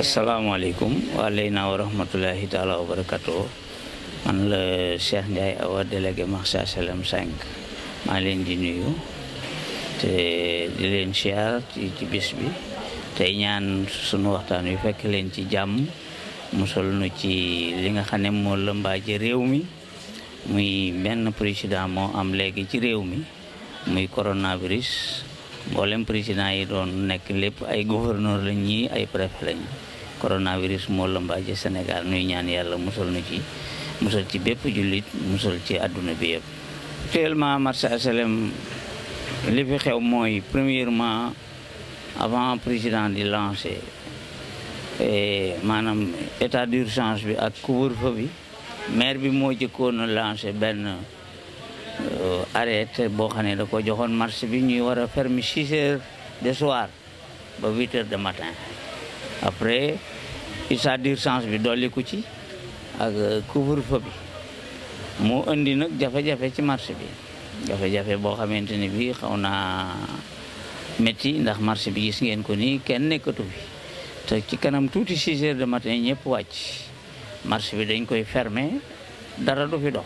Assalamualaikum warahmatullahi wa taala wabarakatuh. barakatuh man la Cheikh Ndiaye Awa délégué Mahsa Salam 5 maa leen di nuyu te di leen di ci ci bis bi tey ñaan sunu waxtaan wi fekk leen ci jàmm musal nu ci li nga xam ne moo lëmbaaje réew mi muy benn président moo am léegi ci réew mi muy coronavirus mboolem président yi doon nekk lépp ay gouverneur lañ ñii ay préfet lañ coronavirus moo lëmbaaje Sénégal nuy ñaan yàlla musal na ci musal ci bépp jullit musal ci àdduna bi yëpp. actuellement marché HLM li fi xew mooy premièrement avant président di lancer eh, maanaam état d'urgence bi ak couvre-feu bi maire bi moo jëkkoon a lancer benn euh, arrêté boo xam ne da ko joxoon marché bi ñuy war a fermer six heures de soir ba huit de matin. après état d'urgence bi dolliku ci ak couvre-feu bi moo indi nag jafe-jafe ci marché bi jafe-jafe boo xamante ne bi xaw naa metti ndax marché bi gis ngeen ko nii kenn nekkatu fi te ci kanam tuuti 6 de matin ñëpp wàcc marché bi dañ koy ferme dara du fi dox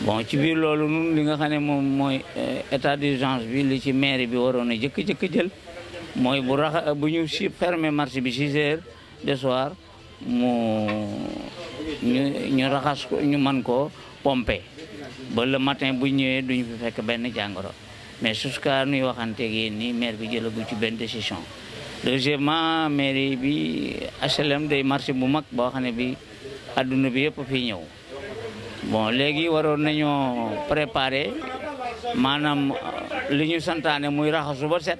bon ci biir loolu nun li nga xam ne moom mooy euh, état d'urgence bi li ci mairie bi waroon a jëkk-jëkk jël mooy bu raxa eh, bu ñu si fermé marché bi 6 heures de soir mu ñu ñu raxas ko ñu man ko pomper ba le matin bu mesuskar duñu fi fekk benn jàngoro mais jusqu'à nuy waxanteeg yéen nii maire bi jëlagu ci benn décision deuxièmement mairie bi HLM day marché bu mag boo xam bi adduna bi yëpp fi ñëw bon léegi waroon nañoo préparer maanaam eh, li ñu muy raxasu ba set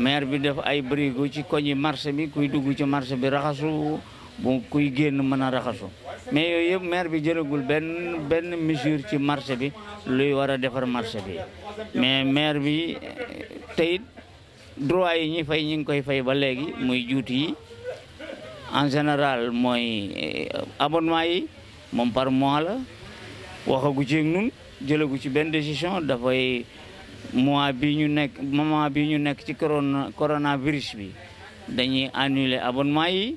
maire bi def ay barigo ci koñi marché bi kuy dugg ci marché bi raxasu bu kuy génn mën a raxasu mais yooyu yëpp maire bi jëlagul benn benn mesure ci marché bi luy war a defar marché bi mais maire bi tey droit yi ñi fay ñi ngi koy fay ba léegi muy juuti yi en général mooy eh, abonnement yi moom par mois la waxagu ci nun jëlagu ci benn décision dafay mois bi ñu nekk moment bi ñu nekk ci corona coronavirus bi dañuy annuler abonnement yi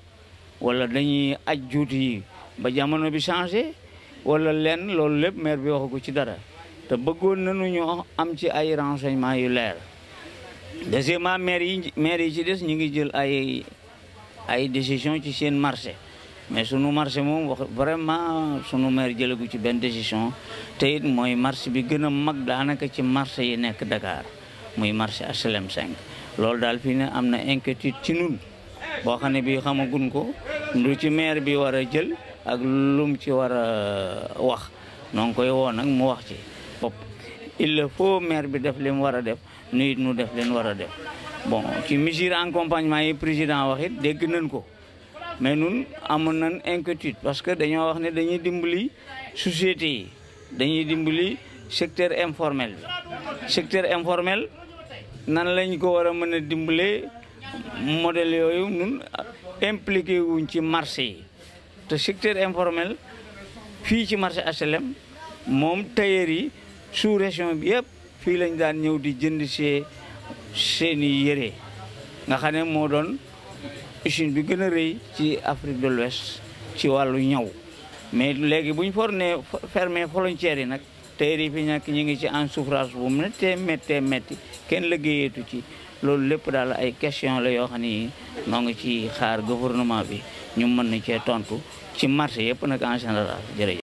wala dañuy aj juuti yi ba jamono bi changé wala lenn loolu lépp maire bi waxu ci dara te bëggoon nañu ñu am ci ay renseignements yu leer deuxièmement maire yi maire yi ci des ñu ngi jël ay ay décision ci seen marché mais sunu marché moom wax vraiment sunu maire jëlagu ci benn décision te it mooy marché bi gën a mag daanaka ci marché yi nekk dakaar muy marché HLM 5 loolu daal fii ne am na inquiétude ci nun boo xam ne bii ko lu ci maire bi war a jël ak lum ci war a wax noon koy woo nag mu wax ci bopp il faut maire bi def li mu war a def nu it nu def leen war a def bon ci mesure accompagnement yi président wax it dégg nañ ko mais nun amoon nañ inquiétude parce que dañoo wax ne dañuy dimbali société yi dañuy dimbali secteur informel bi secteur informel nan lañ ko war a mën a dimbalee modèle yooyu nun impliqué wuñ ci marché yi te secteur informel fii ci marché HLM moom tailleur yi sous région bi yëpp fii lañ daan ñëw di jënd see seeni yére nga xam ne moo doon usine bi gën a rëy ci Afrique de l'Ouest ci wàllu ñaw mais léegi buñ ñu fornee fermé yi nag tey yi fi ñàkk ñu ngi ci en souffrance bu méttee méttee métti kenn liggéeyeetu ci loolu lépp daal ay question la yoo xam ne noo ngi ci xaar gouvernement bi ñu mën na cee tontu ci marché yëpp nag en général jërëjëf